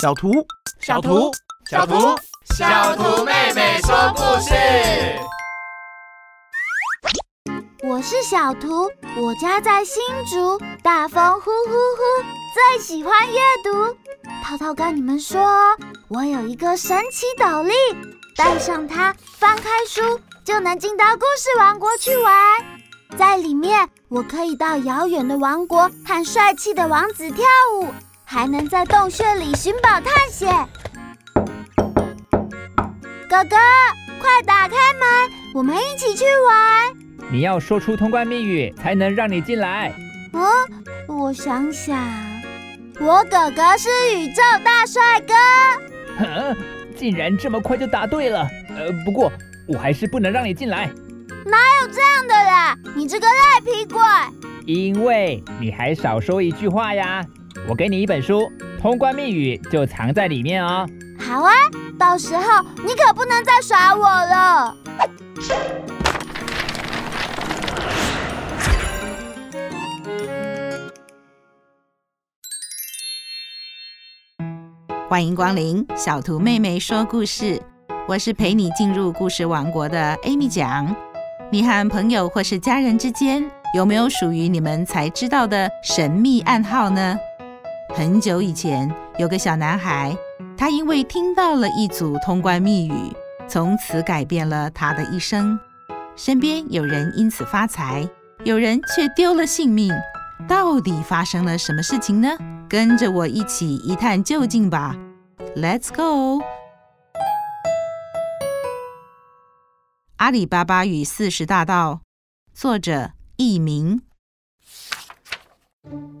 小圖，小圖，小圖，小圖，小圖妹妹說故事。我是小圖，我家在新竹，大風呼呼呼，最喜歡閱讀。濤濤跟你們說哦，我有一個神奇斗笠，戴上它，翻開書就能進到故事王國去玩。在裡面，我可以到遙遠的王國和帥氣的王子跳舞。還能在洞穴裡尋寶探險。哥哥，快打開門，我們一起去玩。你要說出通關密語，才能讓你進來。嗯、哦，我想想，我哥哥是宇宙大帥哥。哼，竟然這麼快就答對了。呃，不過我還是不能讓你進來。哪有這樣的啦？你這個賴皮鬼！因為你還少說一句話呀。我給你一本書，《通關密語》就藏在裡面哦。好啊，到時候你可不能再耍我了。歡迎光臨，小圖妹妹說故事，我是陪你進入故事王國的 Amy 講，你和朋友或是家人之間，有沒有屬於你們才知道的神秘暗號呢？很久以前，有個小男孩，他因為聽到了一組通關密語，從此改變了他的一生。身邊有人因此發財，有人卻丟了性命。到底發生了什麼事情呢？跟着我一起一探究竟吧。Let's go。《阿里巴巴與四十大盜》，作者佚名。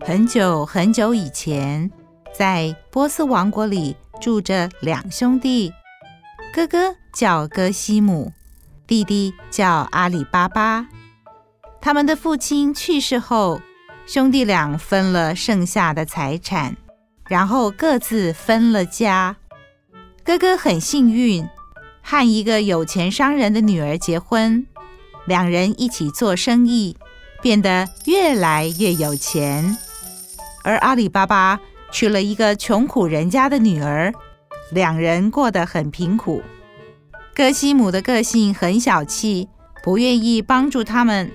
很久很久以前，在波斯王國裡住着兩兄弟，哥哥叫哥西姆，弟弟叫阿里巴巴。他們的父親去世後，兄弟倆分了剩下的財產，然後各自分了家。哥哥很幸運，和一個有錢商人的女兒結婚，兩人一起做生意。變得越來越有錢，而阿里巴巴娶了一個窮苦人家的女兒，兩人過得很貧苦。哥西姆的個性很小氣，不願意幫助他們，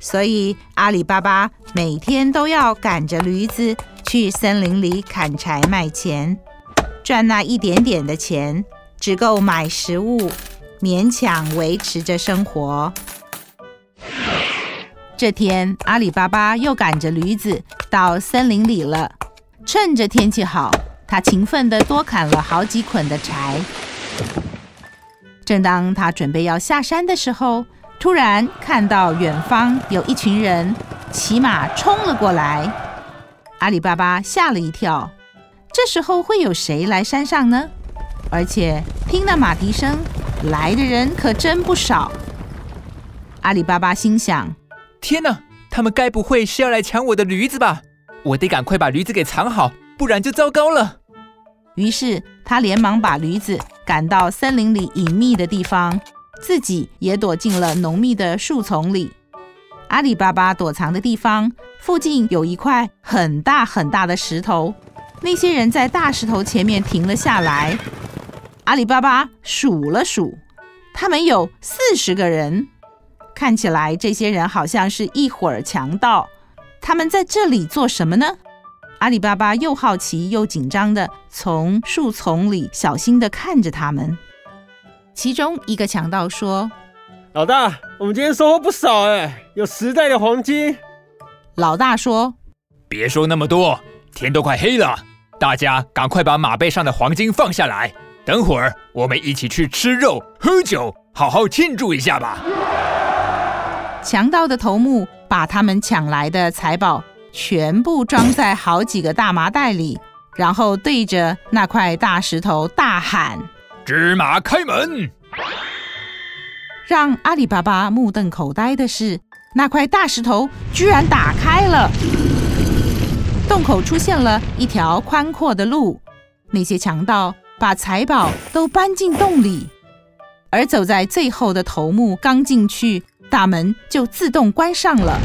所以阿里巴巴每天都要趕着驢子去森林裡砍柴賣錢，賺那一點點的錢，只夠買食物，勉強維持着生活。這天，阿里巴巴又趕着驢子到森林裡了。趁着天氣好，他勤奮地多砍了好幾捆的柴。正當他準備要下山的時候，突然看到遠方有一群人騎馬衝了過來。阿里巴巴嚇了一跳，這時候會有誰來山上呢？而且聽那馬蹄聲，來的人可真不少。阿里巴巴心想，天哪，他們該不會是要來搶我的驢子吧？我得趕快把驢子給藏好，不然就糟糕了。於是他連忙把驢子趕到森林裡隱秘的地方，自己也躲進了濃密的樹叢裡。阿里巴巴躲藏的地方附近有一塊很大很大的石頭，那些人在大石頭前面停了下來。阿里巴巴數了數，他們有四十個人。看起來這些人好像是一夥兒強盜，他們在這裡做什麼呢？阿里巴巴又好奇又緊張地從樹叢裡小心地看着他們。其中一個強盜說：“老大，我們今天收穫不少哎，有十袋的黃金。”老大說：“別說那麼多，天都快黑了，大家趕快把馬背上的黃金放下來，等會兒我們一起去吃肉、喝酒，好好慶祝一下吧。”強盜的頭目把他們搶來的財寶全部裝在好幾個大麻袋裡，然後對着那塊大石頭大喊：“芝麻開門！”讓阿里巴巴目瞪口呆的是，那塊大石頭居然打開了，洞口出現了一條寬闊的路。那些強盜把財寶都搬進洞裡，而走在最後的頭目剛進去，大門就自動關上了。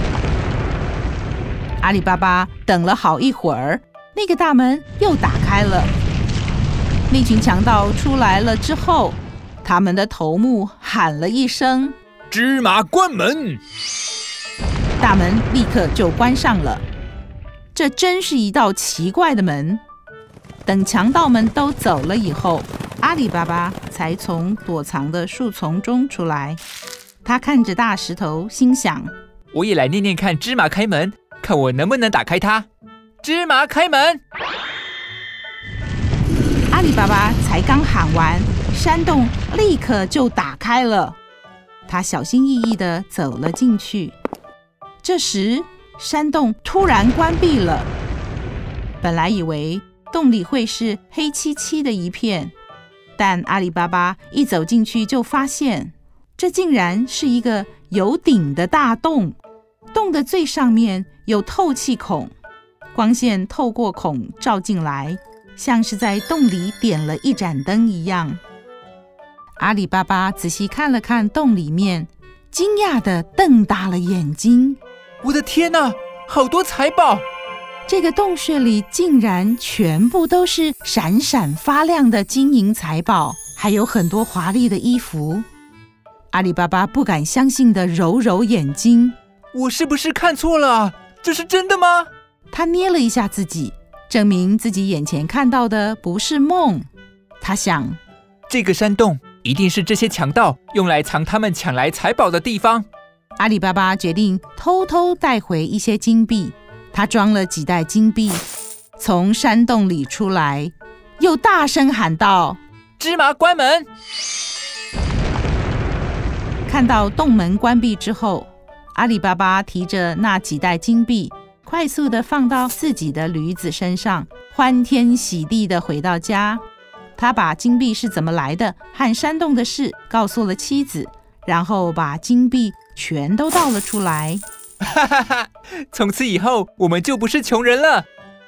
阿里巴巴等了好一會兒，那個大門又打開了。那群強盜出來了之後，他們的頭目喊了一聲：“芝麻關門！”大門立刻就關上了。這真是一道奇怪的門。等強盜們都走了以後，阿里巴巴才從躲藏的樹叢中出來。他看着大石頭，心想：“我也來念念看，芝麻開門，看我能不能打開它。”芝麻開門！阿里巴巴才剛喊完，山洞立刻就打開了。他小心翼翼地走了進去。這時，山洞突然關閉了。本來以為洞裡會是黑漆漆的一片，但阿里巴巴一走進去就發現。這竟然是一個有頂的大洞，洞的最上面有透氣孔，光線透過孔照進來，像是在洞裡點了一盞燈一樣。阿里巴巴仔細看了看洞裡面，驚訝地瞪大了眼睛：“我的天哪，好多財寶！這個洞穴裡竟然全部都是閃閃發亮的金銀財寶，還有很多華麗的衣服。”阿里巴巴不敢相信的揉揉眼睛，我是不是看錯了？這是真的嗎？他捏了一下自己，證明自己眼前看到的不是夢。他想，這個山洞一定是這些強盜用來藏他們搶來財寶的地方。阿里巴巴決定偷偷帶回一些金幣。他裝了幾袋金幣，從山洞裡出來，又大聲喊道：“芝麻關門！”看到洞門關閉之後，阿里巴巴提着那幾袋金幣，快速地放到自己的驢子身上，歡天喜地地回到家。他把金幣是怎麼來的和山洞的事告訴了妻子，然後把金幣全都倒了出來。哈哈哈，從此以後，我們就不是窮人了。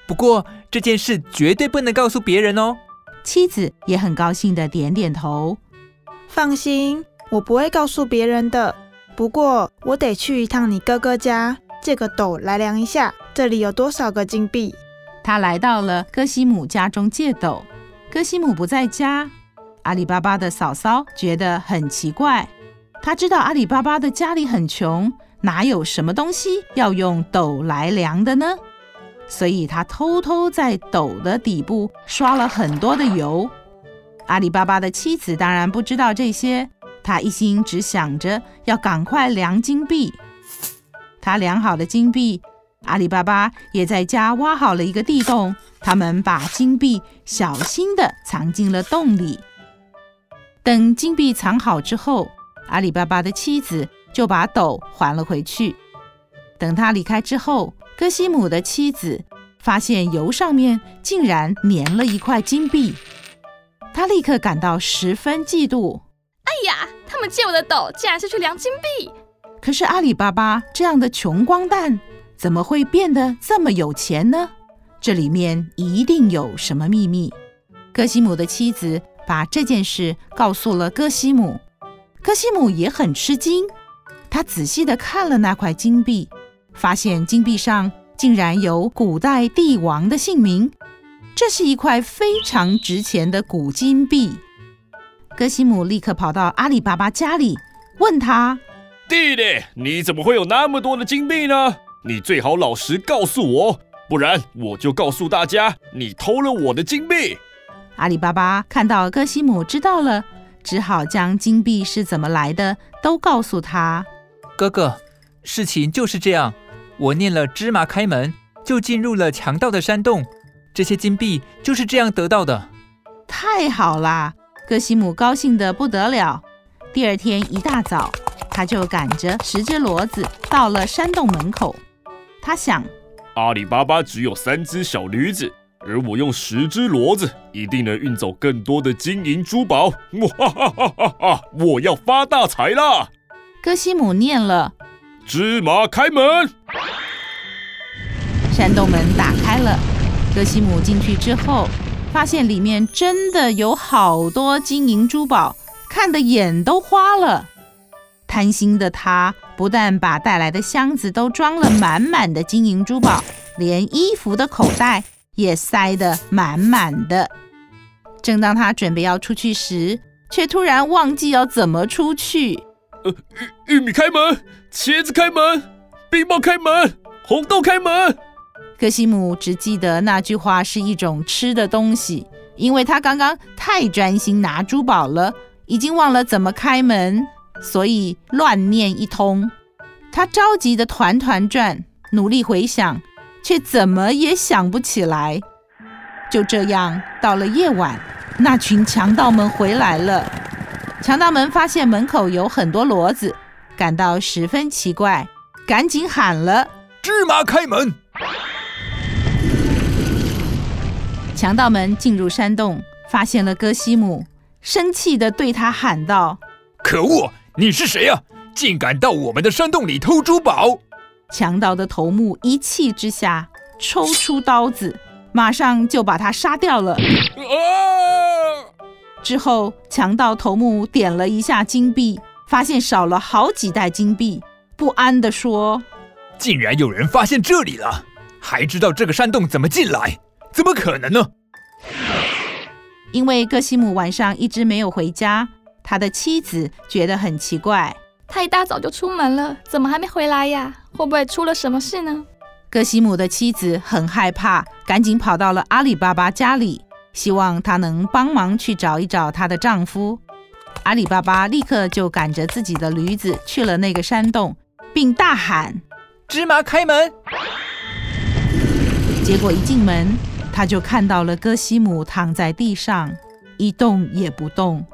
不過這件事絕對不能告訴別人哦。妻子也很高興地點點頭，放心。我不會告訴別人的。不過我得去一趟你哥哥家，借個斗來量一下，這裡有多少個金幣？他來到了哥西姆家中借斗，哥西姆不在家。阿里巴巴的嫂嫂覺得很奇怪，她知道阿里巴巴的家裡很窮，哪有什麼東西要用斗來量的呢？所以她偷偷在斗的底部刷了很多的油。阿里巴巴的妻子當然不知道這些。他一心只想着要趕快量金幣。他量好了金幣，阿里巴巴也在家挖好了一個地洞，他們把金幣小心地藏進了洞裡。等金幣藏好之後，阿里巴巴的妻子就把斗還了回去。等他離開之後，哥西姆的妻子發現油上面竟然粘了一塊金幣，他立刻感到十分嫉妒。哎呀，他們借我的斗，竟然是去量金幣。可是阿里巴巴這樣的窮光蛋，怎麼會變得這麼有錢呢？這裡面一定有什麼祕密。哥西姆的妻子把這件事告訴了哥西姆，哥西姆也很吃驚。他仔細地看了那塊金幣，發現金幣上竟然有古代帝王的姓名，這是一塊非常值錢的古金幣。哥西姆立刻跑到阿里巴巴家裡，問他：“弟弟，你怎麼會有那麼多的金幣呢？你最好老實告訴我，不然我就告訴大家你偷了我的金幣。”阿里巴巴看到哥西姆知道了，只好將金幣是怎麼來的都告訴他。哥哥，事情就是這樣，我念了芝麻開門，就進入了強盜的山洞，這些金幣就是這樣得到的。太好啦！哥西姆高興得不得了。第二天一大早，他就趕着十只騾子到了山洞門口。他想，阿里巴巴只有三只小驢子，而我用十只騾子，一定能運走更多的金銀珠寶。哇哈哈哈哈！我要發大財啦！哥西姆念了：“芝麻開門。”山洞門打開了。哥西姆進去之後，發現裡面真的有好多金銀珠寶，看得眼都花了。貪心的他不但把帶來的箱子都裝了滿滿的金銀珠寶，連衣服的口袋也塞得滿滿的。正當他準備要出去時，卻突然忘記要怎麼出去。呃，玉玉米開門，茄子開門，冰雹開門，紅豆開門。克西姆只記得那句話是一種吃的東西，因為他剛剛太專心拿珠寶了，已經忘了怎麼開門，所以亂念一通。他着急得團團轉，努力回想，卻怎麼也想不起來。就這樣，到了夜晚，那群強盜們回來了。強盜們發現門口有很多騾子，感到十分奇怪，趕緊喊了：“芝麻開門！”強盜們進入山洞，發現了哥西姆，生氣地對他喊道：“可惡，你是誰呀、啊？竟敢到我們的山洞裡偷珠寶！”強盜的頭目一氣之下抽出刀子，馬上就把他殺掉了、啊。之後，強盜頭目點了一下金幣，發現少了好幾袋金幣，不安地說：“竟然有人發現這裡了，還知道這個山洞怎麼進來。”怎麼可能呢？因為哥西姆晚上一直沒有回家，他的妻子覺得很奇怪。他一大早就出門了，怎麼還沒回來呀？會不會出了什麼事呢？哥西姆的妻子很害怕，趕緊跑到了阿里巴巴家裡，希望他能幫忙去找一找她的丈夫。阿里巴巴立刻就趕着自己的驢子去了那個山洞，並大喊：“芝麻開門！”結果一進門。他就看到了哥西姆躺在地上，一動也不動。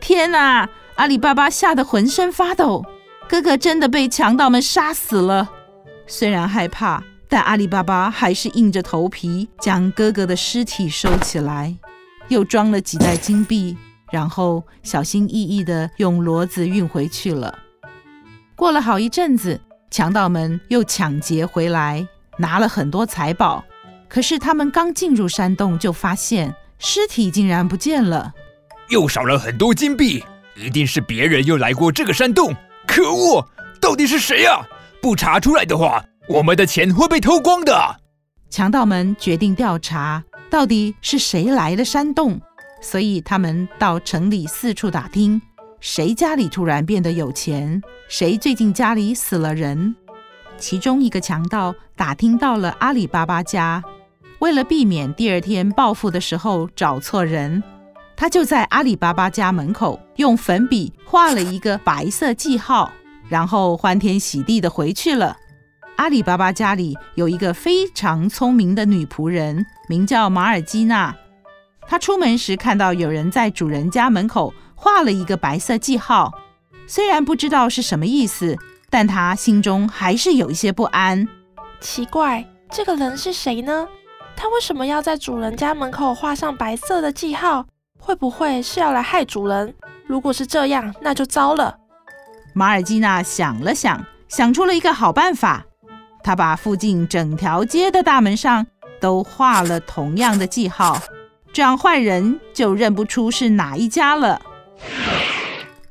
天哪！阿里巴巴嚇得渾身發抖。哥哥真的被強盜們殺死了。雖然害怕，但阿里巴巴還是硬着頭皮將哥哥的屍體收起來，又裝了幾袋金幣，然後小心翼翼地用騾子運回去了。過了好一陣子，強盜們又搶劫回來，拿了很多財寶。可是他們剛進入山洞，就發現屍體竟然不見了，又少了很多金幣，一定是別人又來過這個山洞。可惡，到底是誰啊？不查出來的話，我們的錢會被偷光的。強盜們決定調查到底是誰來了山洞，所以他們到城裡四處打聽，誰家裡突然變得有錢，誰最近家裡死了人。其中一個強盜打聽到了阿里巴巴家。為了避免第二天報復的時候找錯人，他就在阿里巴巴家門口用粉筆畫了一個白色記號，然後歡天喜地地回去了。阿里巴巴家裡有一個非常聰明的女僕人，名叫馬爾基娜。她出門時看到有人在主人家門口畫了一個白色記號，雖然不知道是什麼意思，但她心中還是有一些不安。奇怪，這個人是誰呢？他為什麼要在主人家門口畫上白色的記號？會不會是要來害主人？如果是這樣，那就糟了。馬爾基娜想了想，想出了一個好辦法。她把附近整條街的大門上都畫了同樣的記號，這樣壞人就認不出是哪一家了。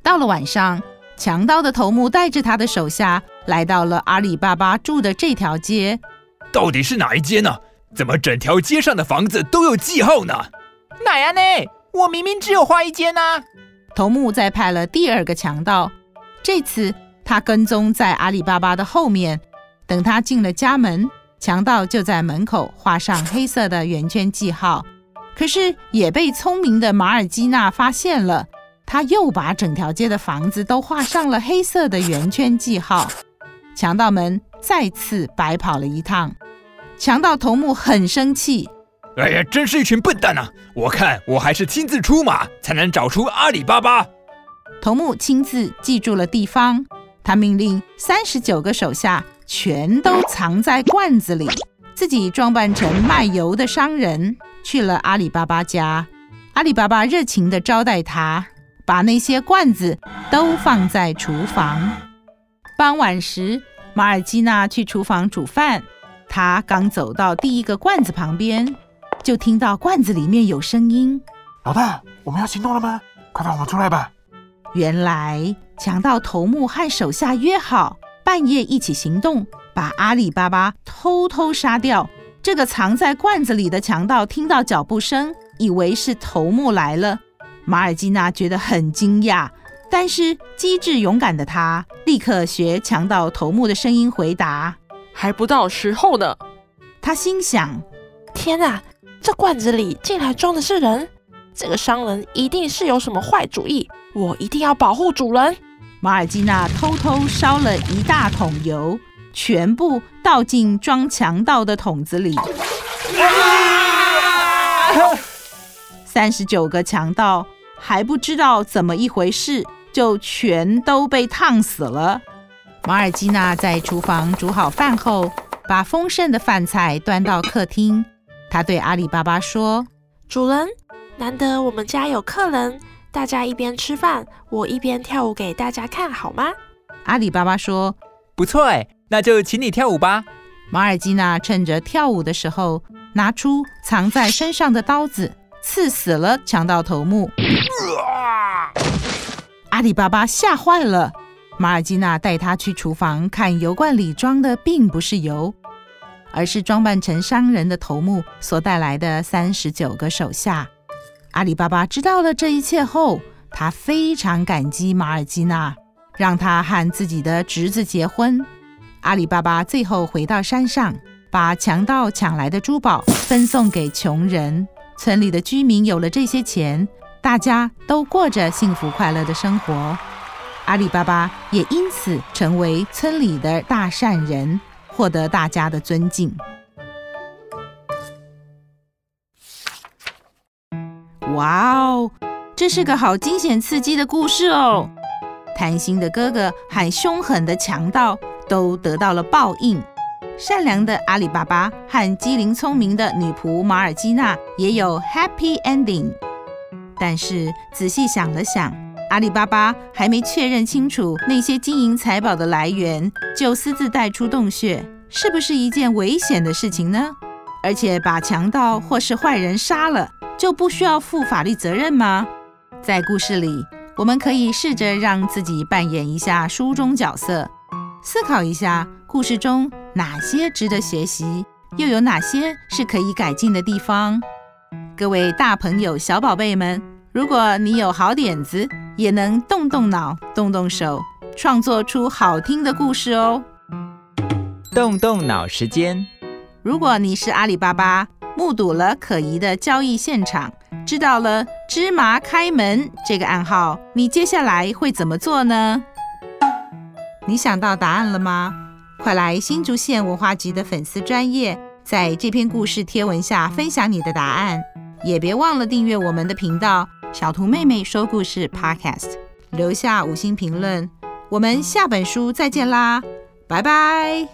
到了晚上，強盜的頭目帶着他的手下來到了阿里巴巴住的這條街。到底是哪一街呢？怎麼整條街上的房子都有記號呢？哪樣呢？我明明只有畫一間呢、啊。頭目再派了第二個強盜，這次他跟蹤在阿里巴巴的後面，等他進了家門，強盜就在門口畫上黑色的圓圈記號。可是也被聰明的馬爾基娜發現了，他又把整條街的房子都畫上了黑色的圓圈記號，強盜們再次白跑了一趟。強盜頭目很生氣。哎呀，真是一群笨蛋吶！啊！我看我還是親自出馬，才能找出阿里巴巴。頭目親自記住了地方，他命令三十九個手下全都藏在罐子裡，自己裝扮成賣油的商人去了阿里巴巴家。阿里巴巴熱情地招待他，把那些罐子都放在廚房。傍晚時，馬爾基娜去廚房煮飯。他剛走到第一個罐子旁邊，就聽到罐子裡面有聲音。老大，我們要行動了嗎？快放我們出來吧！原來，強盜頭目和手下約好半夜一起行動，把阿里巴巴偷偷殺掉。這個藏在罐子裡的強盜聽到腳步聲，以為是頭目來了。馬爾基娜覺得很驚訝，但是機智勇敢的她立刻學強盜頭目的聲音回答。還不到時候呢，他心想：天啊，這罐子裡竟然裝的是人！這個商人一定是有什麼壞主意，我一定要保護主人。馬爾基娜偷偷燒了一大桶油，全部倒進裝強盜的桶子裡。三十九個強盜還不知道怎麼一回事，就全都被燙死了。馬爾基娜在廚房煮好飯後，把豐盛的飯菜端到客廳。她對阿里巴巴說：“主人，難得我們家有客人，大家一邊吃飯，我一邊跳舞給大家看，好嗎？”阿里巴巴說：“不錯哎，那就請你跳舞吧。”馬爾基娜趁着跳舞的時候，拿出藏在身上的刀子，刺死了強盜頭目。啊、阿里巴巴嚇壞了。馬爾基娜帶他去廚房看油罐裡裝的並不是油，而是裝扮成商人的頭目所帶來的三十九個手下。阿里巴巴知道了這一切後，他非常感激馬爾基娜，讓他和自己的侄子結婚。阿里巴巴最後回到山上，把強盜搶來的珠寶分送給窮人。村裡的居民有了這些錢，大家都過着幸福快樂的生活。阿里巴巴也因此成為村裡的大善人，獲得大家的尊敬。哇哦，這是個好驚險刺激的故事哦！貪心的哥哥和凶狠的強盜都得到了報應，善良的阿里巴巴和機靈聰明的女僕馬爾基娜也有 happy ending。但是仔細想了想。阿里巴巴還沒確認清楚那些金銀財寶的來源，就私自帶出洞穴，是不是一件危險的事情呢？而且把強盜或是壞人殺了，就不需要負法律責任嗎？在故事裡，我們可以試着讓自己扮演一下書中角色，思考一下故事中哪些值得學習，又有哪些是可以改進的地方。各位大朋友、小寶貝們，如果你有好點子，也能動動腦、動動手，創作出好聽的故事哦。動動腦時間，如果你是阿里巴巴，目睹了可疑的交易現場，知道了芝麻開門這個暗號，你接下來會怎麼做呢？你想到答案了嗎？快來新竹縣文化局的粉絲專頁，在這篇故事貼文下分享你的答案，也別忘了訂閱我們的頻道。小圖妹妹說故事 Podcast，留下五星評論，我們下本書再見啦，拜拜。